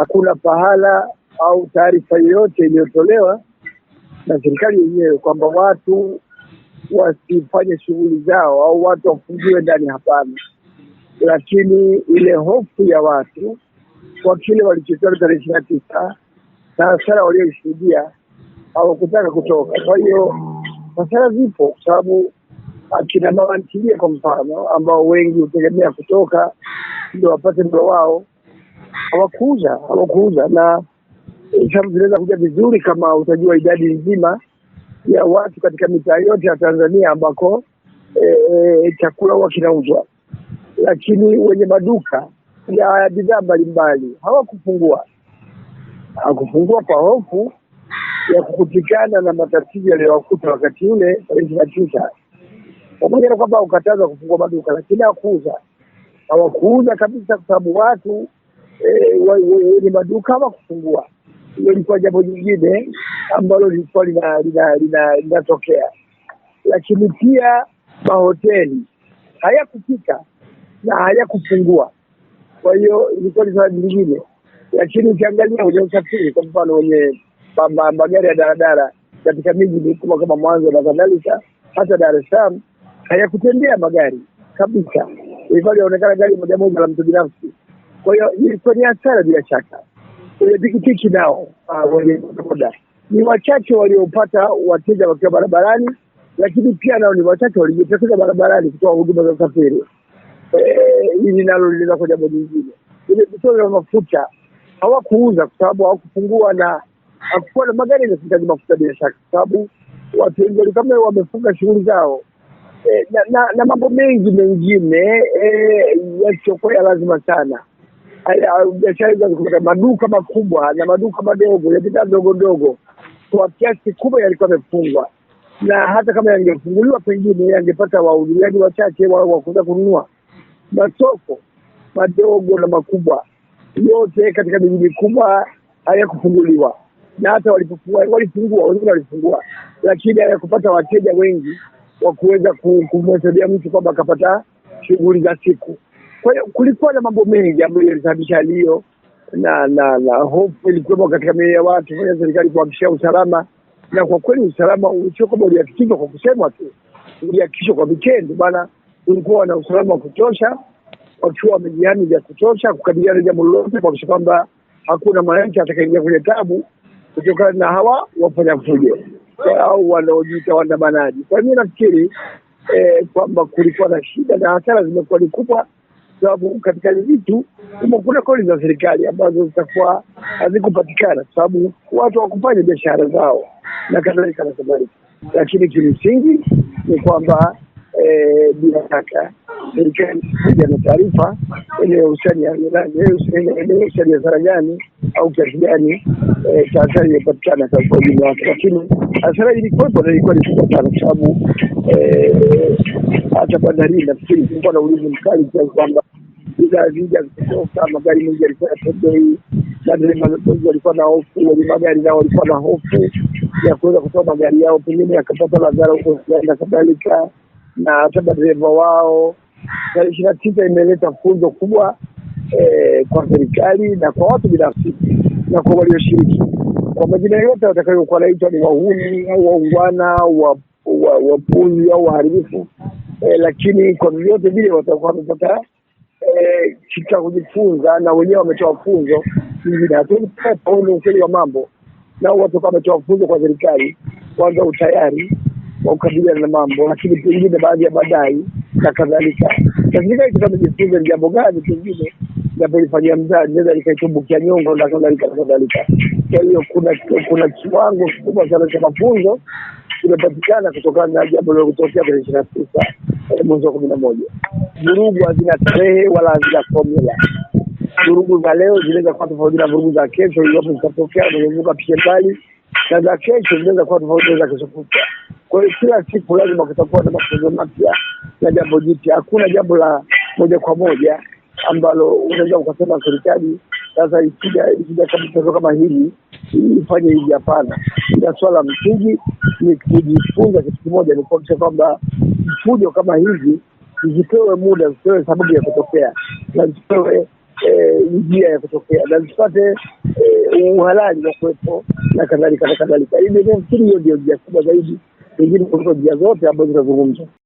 hakuna pahala au taarifa yoyote iliyotolewa na serikali yenyewe kwamba watu wasifanye shughuli zao au watu wafungiwe ndani. Hapana, lakini ile hofu ya watu kwa kile walichotoa tarehe ishirini na tisa na hasara walioishuhudia hawakutaka kutoka. Kwa hiyo hasara zipo, kwa sababu akina mama ntilie kwa mfano, ambao wengi hutegemea kutoka ndio wapate mlo wao, hawakuuza hawakuuza na hesabu zinaweza kuja vizuri kama utajua idadi nzima ya watu katika mitaa yote ya Tanzania ambako e, e, chakula huwa kinauzwa, lakini wenye maduka ya bidhaa mbalimbali hawakufungua hawakufungua kwa hofu ya kukutikana na matatizo yaliyowakuta wakati ule tarehe na tisa, pamoja na kwamba ukatazwa kufungua maduka, lakini hawakuuza hawakuuza kabisa, kwa sababu watu Eh, wenye maduka kufungua. Hiyo likuwa jambo jingine ambalo lilikuwa linatokea, lakini pia mahoteli hayakupika na hayakufungua, kwa hiyo ilikuwa ni sababu nyingine. Lakini ukiangalia kwenye usafiri, kwa mfano wenye magari ya daradara katika miji mikubwa kama Mwanza na kadhalika, hata Dar es Salaam hayakutembea magari kabisa, ilikuwa linaonekana gari moja moja la mtu binafsi kwa hiyo ni hasara bila shaka. Kwenye pikipiki nao ah, wenye bodaboda ni wachache waliopata wateja wakiwa barabarani, lakini pia nao ni wachache walijitokeza barabarani kutoa huduma za usafiri. Eh, hili nalo linaweza kuwa jambo jingine. Vile vituo vya mafuta hawakuuza kwa sababu hawakufungua na hakukuwa na magari yanahitaji mafuta bila shaka, kwa sababu watu wengi walikama wamefunga shughuli zao eh, na, na, na mambo mengi mengine eh, yasiyokuwa ya lazima sana biashara eh, ah, kutoka maduka makubwa na maduka madogo ya bidhaa ndogo ndogo kwa kiasi kikubwa yalikuwa yamefungwa, na hata kama yangefunguliwa pengine yangepata wahudhuriaji yaani wachache wa kuweza kununua. Masoko madogo na makubwa yote katika miji mikubwa hayakufunguliwa, na hata walifungua wengine walifungua, lakini hayakupata wateja wengi wa kuweza kumhesabia mtu kwamba akapata shughuli za siku. Kwa hiyo kulikuwa na mambo mengi ambayo yalisababisha lio na na na hofu ilikuwepo katika mioyo ya watu fanya serikali kuhakikishia usalama, na kwa kweli usalama sio kwamba ulihakikishwa kwa kusemwa tu, ulihakikishwa kwa vitendo bana. Ulikuwa na usalama wa kutosha, wakiwa wamejihami vya kutosha kukabiliana jambo lolote, kuhakikisha kwamba hakuna mwananchi atakaingia kwenye tabu kutokana na hawa wafanya fujo au wanaojiita waandamanaji. Kwa hiyo mi nafikiri eh, kwamba kulikuwa na shida na hasara zimekuwa ni kubwa sababu katika vitu humo kuna kodi za serikali ambazo zitakuwa hazikupatikana sababu watu wakufanya biashara zao na kadhalika na kadhalika. Lakini kimsingi ni kwamba eh, bila shaka serikali kuja na taarifa inayohusiana biashara gani au kiasi gani eh, hasara imepatikana kwa ujumla wake, lakini hasara ilikuwepo na ilikuwa ni kubwa sana, kwa sababu eh, hata bandarini nafikiri kulikuwa na ulinzi mkali kiasi kwamba bila vija kutoka, magari mengi yalikuwa yatobei, wengi walikuwa na hofu, wenye magari nao walikuwa na hofu ya kuweza kutoa magari yao, pengine yakapata madhara huko na kadhalika, na hata madereva wao. Tarehe ishirini na tisa imeleta funzo kubwa eh, kwa serikali na kwa watu binafsi na kwa walioshiriki. Kwa majina yote watakayokuwa naitwa ni wahuni au waungwana wapuzi au waharibifu, eh, lakini kwa vyovyote vile watakuwa wamepata cha kujifunza na wenyewe wametoa funzo ingine Hatuwezi kukwepa, huu ni ukweli wa mambo, nao watu kama wametoa funzo kwa serikali, kwanza utayari wa kukabiliana na mambo, lakini pengine baadhi ya madai na kadhalika, na serikali itakuwa imejifunza ni jambo gani pengine napolifanyia mzazi naweza likaitumbukia nyongo na kadhalika na kadhalika. Kwa hiyo kuna kuna kiwango kikubwa sana cha mafunzo kimepatikana kutokana na jambo lililotokea tarehe ishirini na tisa mwezi wa kumi na moja vurugu hazina tarehe wala hazina formula. Vurugu za leo zinaweza kuwa tofauti na vurugu za kesho, iwapo zitatokea zimevuka picha mbali, na za kesho zinaweza kuwa tofauti za kesho kutwa. Kwa hiyo kila siku lazima kutakuwa na mafunzo mapya na jambo jipya. Hakuna jambo la moja kwa moja ambalo unaweza ukasema serikali sasa ikija ikija tatizo kama hili ifanye hivi. Hapana, ila swala msingi ni kujifunza kitu kimoja, ni kuakisha kwamba mfujo kama hivi zipewe muda, zipewe sababu ya kutokea na zipewe eh, njia ya kutokea na zipate eh, uhalali wa kuwepo na kadhalika na kadhalika. Hivi nafikiri hiyo ndio njia kubwa zaidi, pengine kuliko njia zote ambazo zinazungumzwa.